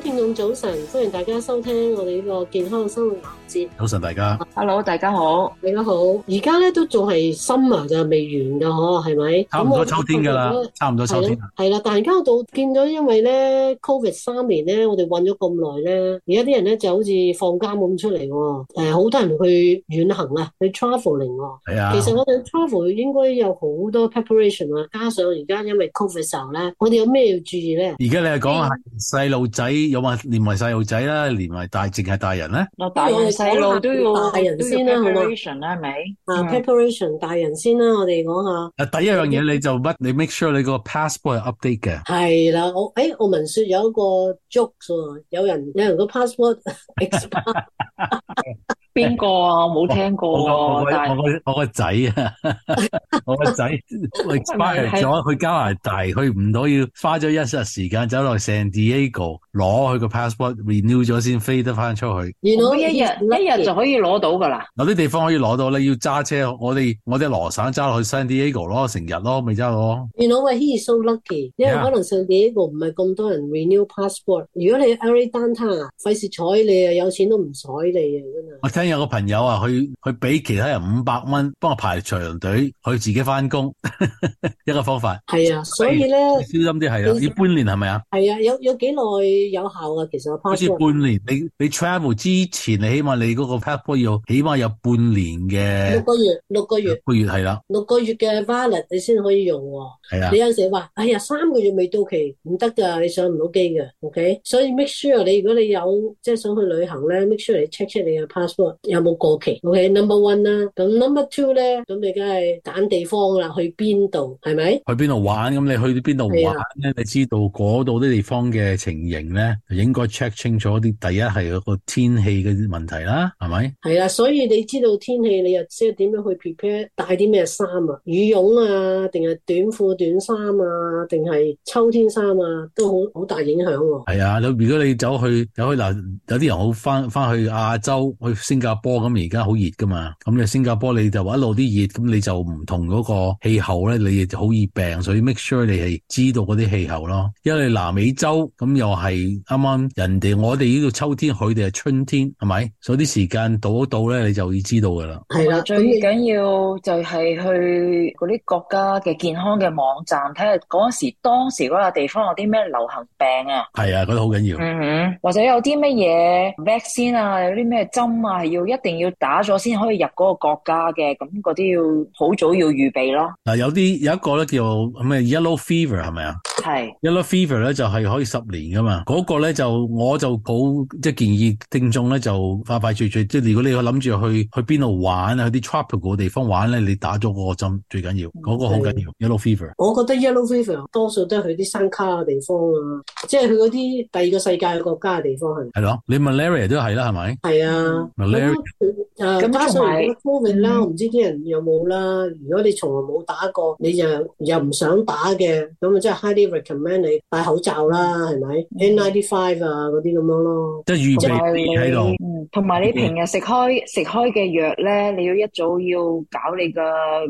聽眾早晨，歡迎大家收聽我哋呢個健康生活環節。早晨大家，Hello，大家好，大家好。而家咧都仲係 summer 未完噶嗬，係咪？差唔多秋天噶啦、嗯，差唔多秋天。係啦，但係而家到見咗，因為咧，COVID 三年咧，我哋運咗咁耐咧，而家啲人咧就好似放監咁出嚟、哦，誒、呃，好多人去遠行啊，去 traveling、哦。係啊，其實我哋 travel 應該有好多 preparation 啊，加上而家因為 COVID 時候咧，我哋有咩要注意咧？而家你係講係細路仔。有話連埋細路仔啦，連埋大，淨係大人咧。啊，大人細路都要大人先啦，好冇？Preparation 啦，係咪？啊，preparation 大人先啦，我哋講下。啊，第一樣嘢你就乜？你 make sure 你個 passport 係 update 嘅。係啦，我誒，我聞説有一個 joke 喎，有人因為個 passport expired。邊個啊？冇聽過喎。我個我個我個仔啊！我個仔，我翻嚟咗去加拿大，去唔到要花咗一日時間走落 San Diego。攞佢個 passport renew 咗先飛得翻出去。You know, 一日一日就可以攞到噶啦。有啲地方可以攞到咧，你要揸車。我哋我哋羅省揸落去 San Diego 咯，成日咯，咪揸到咯。renew you know 喂，he is so lucky。因為可能 San Diego 唔係咁多人 renew passport。如果你 every other，費事睬你啊，有錢都唔睬你啊，真係。我聽有個朋友啊，去去俾其他人五百蚊，幫我排長隊，佢自己翻工， 一個方法。係啊，所以咧，你你小心啲係啊，要半年係咪啊？係啊，yeah，有有幾耐？要有效啊，其實我好似半年。你你 travel 之前，你起碼你嗰個 passport 要起碼有半年嘅六個月，六個月，六個月係咯，六個月嘅 valid 你先可以用喎。係啊，你有時話哎呀三個月未到期唔得㗎，你上唔到機嘅。OK，所以 make sure 你如果你有即係想去旅行咧，make sure 你 check check 你嘅 passport 有冇過期。OK，number one 啦，咁 number two 咧，咁你梗係揀地方啦，去邊度係咪？去邊度玩咁？你去邊度玩咧？你知道嗰度啲地方嘅情形。咧應該 check 清楚啲，第一係嗰個天氣嘅問題啦，係咪？係啊，所以你知道天氣，你又知道點樣去 prepare 帶啲咩衫啊，羽絨啊，定係短褲短衫啊，定係秋天衫啊，都好好大影響喎。係啊，你、啊、如果你走去走去嗱、啊，有啲人好翻翻去亞洲，去新加坡咁，而家好熱噶嘛，咁、嗯、你新加坡你就話一路啲熱，咁你就唔同嗰個氣候咧，你就好易病，所以 make sure 你係知道嗰啲氣候咯。因為南、啊、美洲咁、嗯、又係。啱啱人哋我哋呢度秋天，佢哋係春天，係咪？所以啲時間到一到咧，你就會知道噶啦。係啦，最緊要就係去嗰啲國家嘅健康嘅網站，睇下嗰時當時嗰個地方有啲咩流行病啊。係啊，覺得好緊要。嗯嗯，或者有啲乜嘢 vaccine 啊，有啲咩針啊，要一定要打咗先可以入嗰個國家嘅，咁嗰啲要好早要預備咯。嗱，有啲有一個咧叫咩 yellow fever 係咪啊？係 yellow fever 咧就係可以十年噶嘛。嗰、那個咧就我就好即係建議聽眾咧就快快脆脆，即係如果你諗住去去邊度玩啊，去啲 tropical 嘅地方玩咧，你打咗個針最緊要，嗰、那個好緊要 yellow fever。我覺得 yellow fever 多數都係去啲山卡嘅地方啊，即係去嗰啲第二個世界嘅國家嘅地方係係咯，你 malaria 都係啦，係咪？係啊，咁都誒加上嗰方面啦，我唔、啊啊啊啊、知啲人有冇啦。如果你從來冇打過，你就又唔想打嘅，咁啊真係 highly recommend 你戴口罩啦，係咪廿五啊，嗰啲咁樣咯，即係預備喺度。嗯，同埋你平日食開食開嘅藥咧，你要一早要搞你個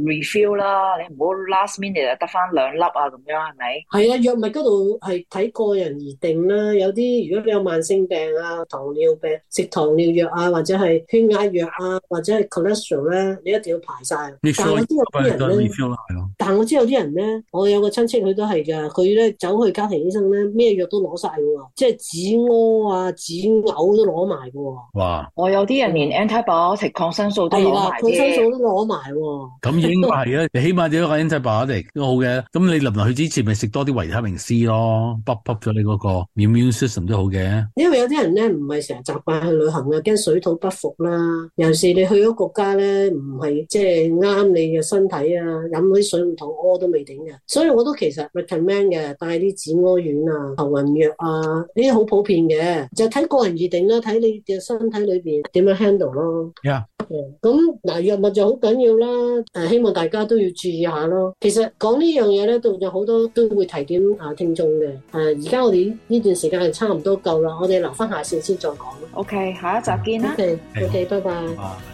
refill 啦。你唔好 last minute 得翻兩粒啊，咁樣係咪？係啊，藥物嗰度係睇個人而定啦。有啲如果你有慢性病啊，糖尿病食糖尿藥啊，或者係血壓藥啊，或者係 cholesterol 咧，你一定要排晒。但係我，我知有啲人咧，但係我知有啲人咧，我有個親戚佢都係㗎。佢咧走去家庭醫生咧，咩藥都攞晒喎。即係止屙啊、止嘔都攞埋嘅喎。哇！我有啲人連 antibiotic 抗生素都攞埋。抗生素都攞埋喎。咁 應該係啊，你起碼點一個 antibiotic 都好嘅。咁你臨落去之前，咪食多啲維他命 C 咯，補補咗你嗰個免疫 system 都好嘅。因為有啲人咧，唔係成日習慣去旅行嘅，驚水土不服啦。尤其你去咗國家咧，唔係即係啱你嘅身體啊，飲啲水唔同，屙都未頂嘅。所以我都其實 recommend 嘅，帶啲止屙丸啊、頭暈藥啊。呢啲好普遍嘅，就係睇個人而定啦，睇你嘅身體裏邊點樣 handle 咯。咁嗱藥物就好緊要啦，誒希望大家都要注意下咯。其實講呢樣嘢咧，到有好多都會提點下聽眾啊聽眾嘅。誒而家我哋呢段時間係差唔多夠啦，我哋留翻下綫先再講。OK，下一集見啦。OK，OK，拜拜。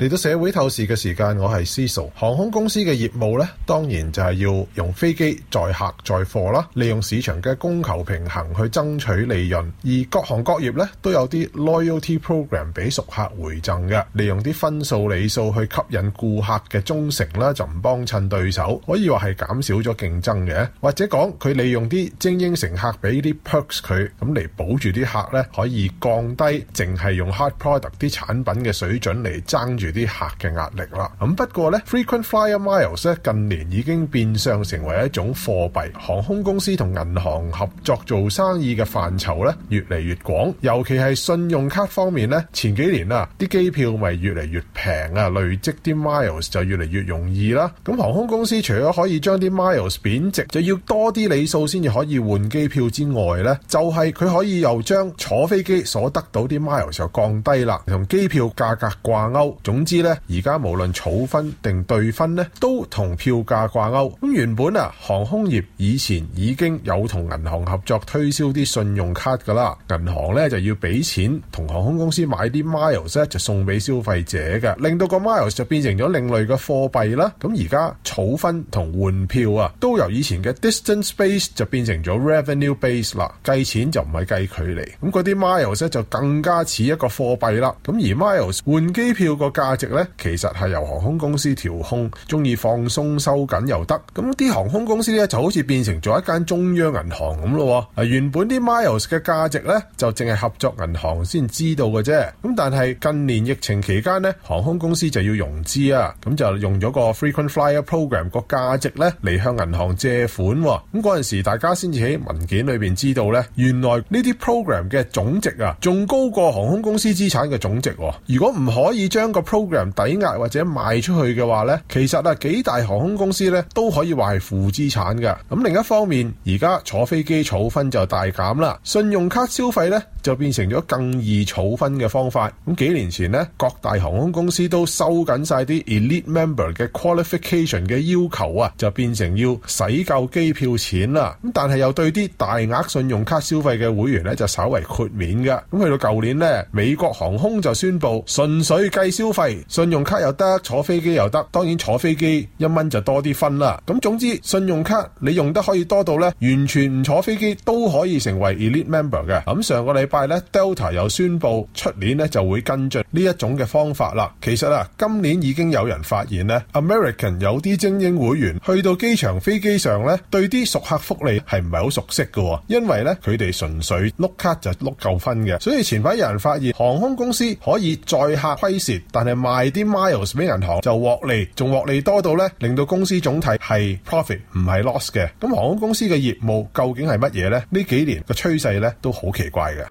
嚟到社會透視嘅時間，我係 Cecil。航空公司嘅業務呢，當然就係要用飛機載客載貨啦，利用市場嘅供求平衡去爭取利潤。而各行各業呢都有啲 loyalty program 俾熟客回贈嘅，利用啲分數、里數去吸引顧客嘅忠誠啦，就唔幫襯對手，可以話係減少咗競爭嘅。或者講佢利用啲精英乘客俾啲 perks 佢，咁嚟保住啲客呢，可以降低淨係用 hard product 啲產品嘅水準嚟爭住啲客嘅壓力啦，咁不過呢 frequent flyer miles 咧近年已經變相成為一種貨幣，航空公司同銀行合作做生意嘅範疇咧越嚟越廣，尤其係信用卡方面呢，前幾年啊啲機票咪越嚟越平啊，累積啲 miles 就越嚟越容易啦。咁航空公司除咗可以將啲 miles 貶值，就要多啲理數先至可以換機票之外呢，就係、是、佢可以又將坐飛機所得到啲 miles 就降低啦，同機票價格掛鈎。總之咧，而家無論儲分定兌分咧，都同票價掛鈎。咁原本啊，航空業以前已經有同銀行合作推銷啲信用卡噶啦，銀行咧就要俾錢同航空公司買啲 miles 咧、啊，就送俾消費者嘅，令到個 miles 就變成咗另類嘅貨幣啦。咁而家儲分同換票啊，都由以前嘅 distance base 就變成咗 revenue base 啦，計錢就唔係計距離。咁嗰啲 miles 咧就更加似一個貨幣啦。咁而 miles 換機票個價。價值咧，其實係由航空公司調控，中意放鬆收緊又得。咁啲航空公司咧就好似變成咗一間中央銀行咁咯。啊，原本啲 miles 嘅價值咧就淨係合作銀行先知道嘅啫。咁但係近年疫情期間咧，航空公司就要融資啊，咁就用咗個 frequent flyer program 個價值咧嚟向銀行借款。咁嗰陣時大家先至喺文件裡邊知道咧，原來呢啲 program 嘅總值啊，仲高過航空公司資產嘅總值。如果唔可以將個。program 抵押或者賣出去嘅話呢，其實啊，幾大航空公司呢都可以話係負資產嘅。咁另一方面，而家坐飛機儲分就大減啦，信用卡消費呢就變成咗更易儲分嘅方法。咁幾年前呢，各大航空公司都收緊晒啲 Elite Member 嘅 Qualification 嘅要求啊，就變成要使夠機票錢啦。咁但係又對啲大額信用卡消費嘅會員呢，就稍為豁免㗎。咁去到舊年呢，美國航空就宣布純粹計消費。信用卡又得，坐飛機又得，當然坐飛機一蚊就多啲分啦。咁總之，信用卡你用得可以多到呢，完全唔坐飛機都可以成為 Elite Member 嘅。咁上個禮拜呢，Delta 又宣布出年呢就會跟進呢一種嘅方法啦。其實啊，今年已經有人發現呢，American 有啲精英會員去到機場飛機上呢，對啲熟客福利係唔係好熟悉噶，因為呢，佢哋純粹碌卡就碌夠分嘅。所以前排有人發現航空公司可以載客虧蝕，但係賣啲 miles 俾銀行就獲利，仲獲利多到咧，令到公司總體係 profit 唔係 loss 嘅。咁航空公司嘅業務究竟係乜嘢咧？呢幾年嘅趨勢咧都好奇怪嘅。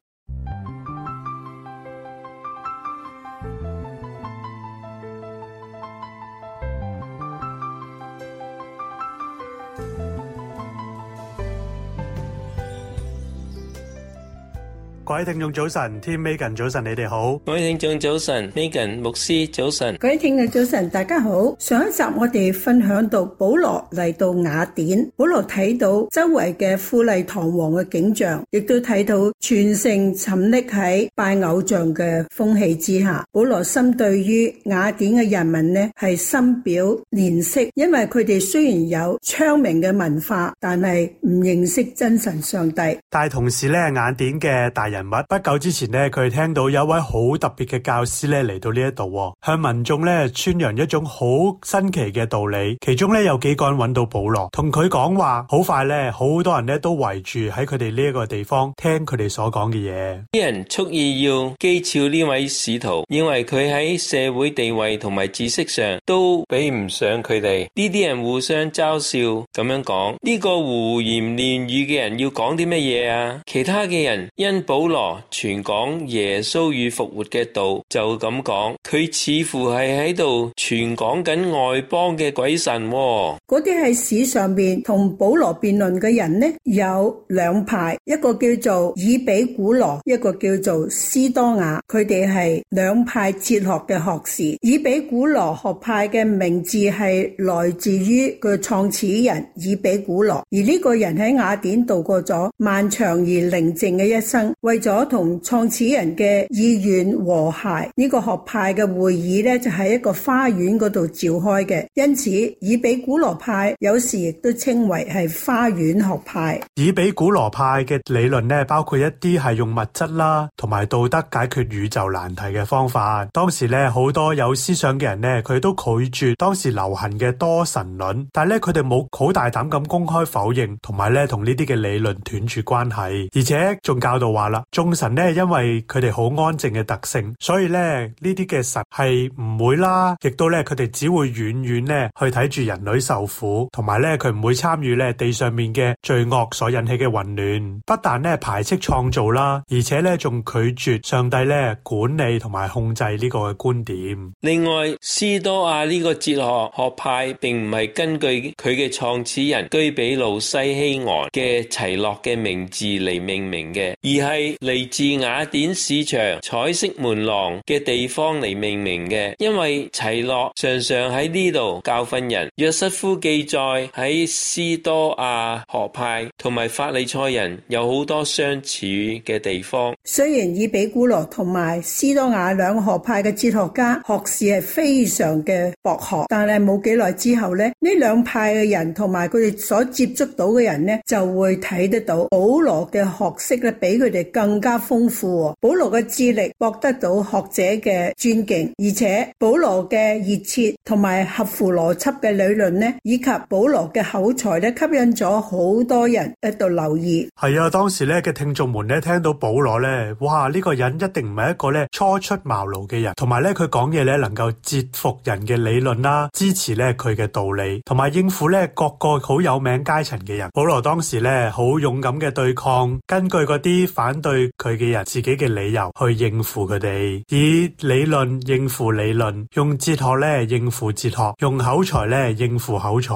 各位聽眾早晨，Team Megan 早晨，你哋好。各位聽眾早晨，Megan 牧師早晨。各位聽眾早晨，大家好。上一集我哋分享到保羅嚟到雅典，保羅睇到周圍嘅富麗堂皇嘅景象，亦都睇到全城沉溺喺拜偶像嘅風氣之下。保羅心對於雅典嘅人民呢係深表憐惜，因為佢哋雖然有昌明嘅文化，但係唔認識真神上帝。但係同時呢，雅典嘅大人物不久之前呢，佢聽到有一位好特別嘅教師咧嚟到呢一度，向民眾咧宣揚一種好新奇嘅道理。其中咧有幾個人揾到保羅，同佢講話。好快咧，好多人咧都圍住喺佢哋呢一個地方聽佢哋所講嘅嘢。啲人蓄意要譏誚呢位使徒，認為佢喺社會地位同埋知識上都比唔上佢哋。呢啲人互相嘲笑咁樣講：呢個胡言亂語嘅人要講啲乜嘢啊？其他嘅人因保保羅傳講耶穌與復活嘅道就咁講，佢似乎係喺度傳講緊外邦嘅鬼神。嗰啲喺史上邊同保羅辯論嘅人呢，有兩派，一個叫做以比古羅，一個叫做斯多亞。佢哋係兩派哲學嘅學士。以比古羅學派嘅名字係來自於佢創始人以比古羅，而呢個人喺雅典度過咗漫長而寧靜嘅一生。為咗同創始人嘅意願和諧，呢個學派嘅會議咧就喺一個花園嗰度召開嘅，因此以比古羅派，有時亦都稱為係花園學派。以比古羅派嘅理論咧，包括一啲係用物質啦同埋道德解決宇宙難題嘅方法。當時咧好多有思想嘅人咧，佢都拒絕當時流行嘅多神論，但係咧佢哋冇好大膽咁公開否認，同埋咧同呢啲嘅理論斷絕關係，而且仲教導話啦。眾神咧，因為佢哋好安靜嘅特性，所以咧呢啲嘅神係唔會啦，亦都咧佢哋只會遠遠咧去睇住人類受苦，同埋咧佢唔會參與咧地上面嘅罪惡所引起嘅混亂。不但咧排斥創造啦，而且咧仲拒絕上帝咧管理同埋控制呢個嘅觀點。另外，斯多亞呢個哲學學派並唔係根據佢嘅創始人居比路西希昂嘅齊諾嘅名字嚟命名嘅，而係。嚟自雅典市場彩色門廊嘅地方嚟命名嘅，因為齊諾常常喺呢度教訓人。約瑟夫記載喺斯多亞學派同埋法利賽人有好多相似嘅地方。雖然以比古羅同埋斯多亞兩個學派嘅哲學家學士係非常嘅博學，但係冇幾耐之後咧，呢兩派嘅人同埋佢哋所接觸到嘅人呢，就會睇得到保羅嘅學識咧比佢哋。更加豐富，保羅嘅智力博得到學者嘅尊敬，而且保羅嘅熱切同埋合乎邏輯嘅理論咧，以及保羅嘅口才咧，吸引咗好多人喺度留意。係啊，當時咧嘅聽眾們咧聽到保羅呢，哇呢、這個人一定唔係一個咧初出茅廬嘅人，同埋咧佢講嘢咧能夠折服人嘅理論啦，支持咧佢嘅道理，同埋應付咧各個好有名階層嘅人。保羅當時咧好勇敢嘅對抗，根據嗰啲反對。對佢嘅人自己嘅理由去應付佢哋，以理論應付理論，用哲學咧應付哲學，用口才咧應付口才。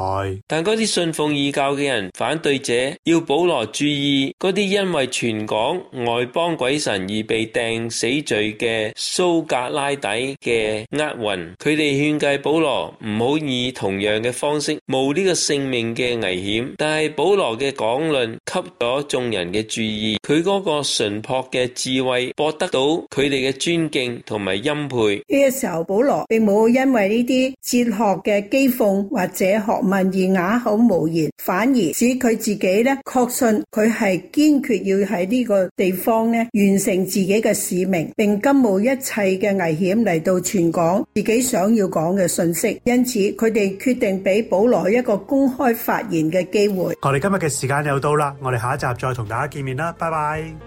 但嗰啲信奉異教嘅人反對者，要保羅注意嗰啲因為傳講外邦鬼神而被定死罪嘅蘇格拉底嘅厄運。佢哋勸誡保羅唔好以同樣嘅方式冒呢個性命嘅危險。但係保羅嘅講論吸咗眾人嘅注意，佢嗰個常。純樸嘅智慧博得到佢哋嘅尊敬同埋欽佩。呢個時候，保羅並冇因為呢啲哲學嘅譏諷或者學問而啞口無言，反而使佢自己咧確信佢係堅決要喺呢個地方咧完成自己嘅使命，並甘冒一切嘅危險嚟到傳講自己想要講嘅信息。因此，佢哋決定俾保羅一個公開發言嘅機會。我哋今日嘅時間又到啦，我哋下一集再同大家見面啦，拜拜。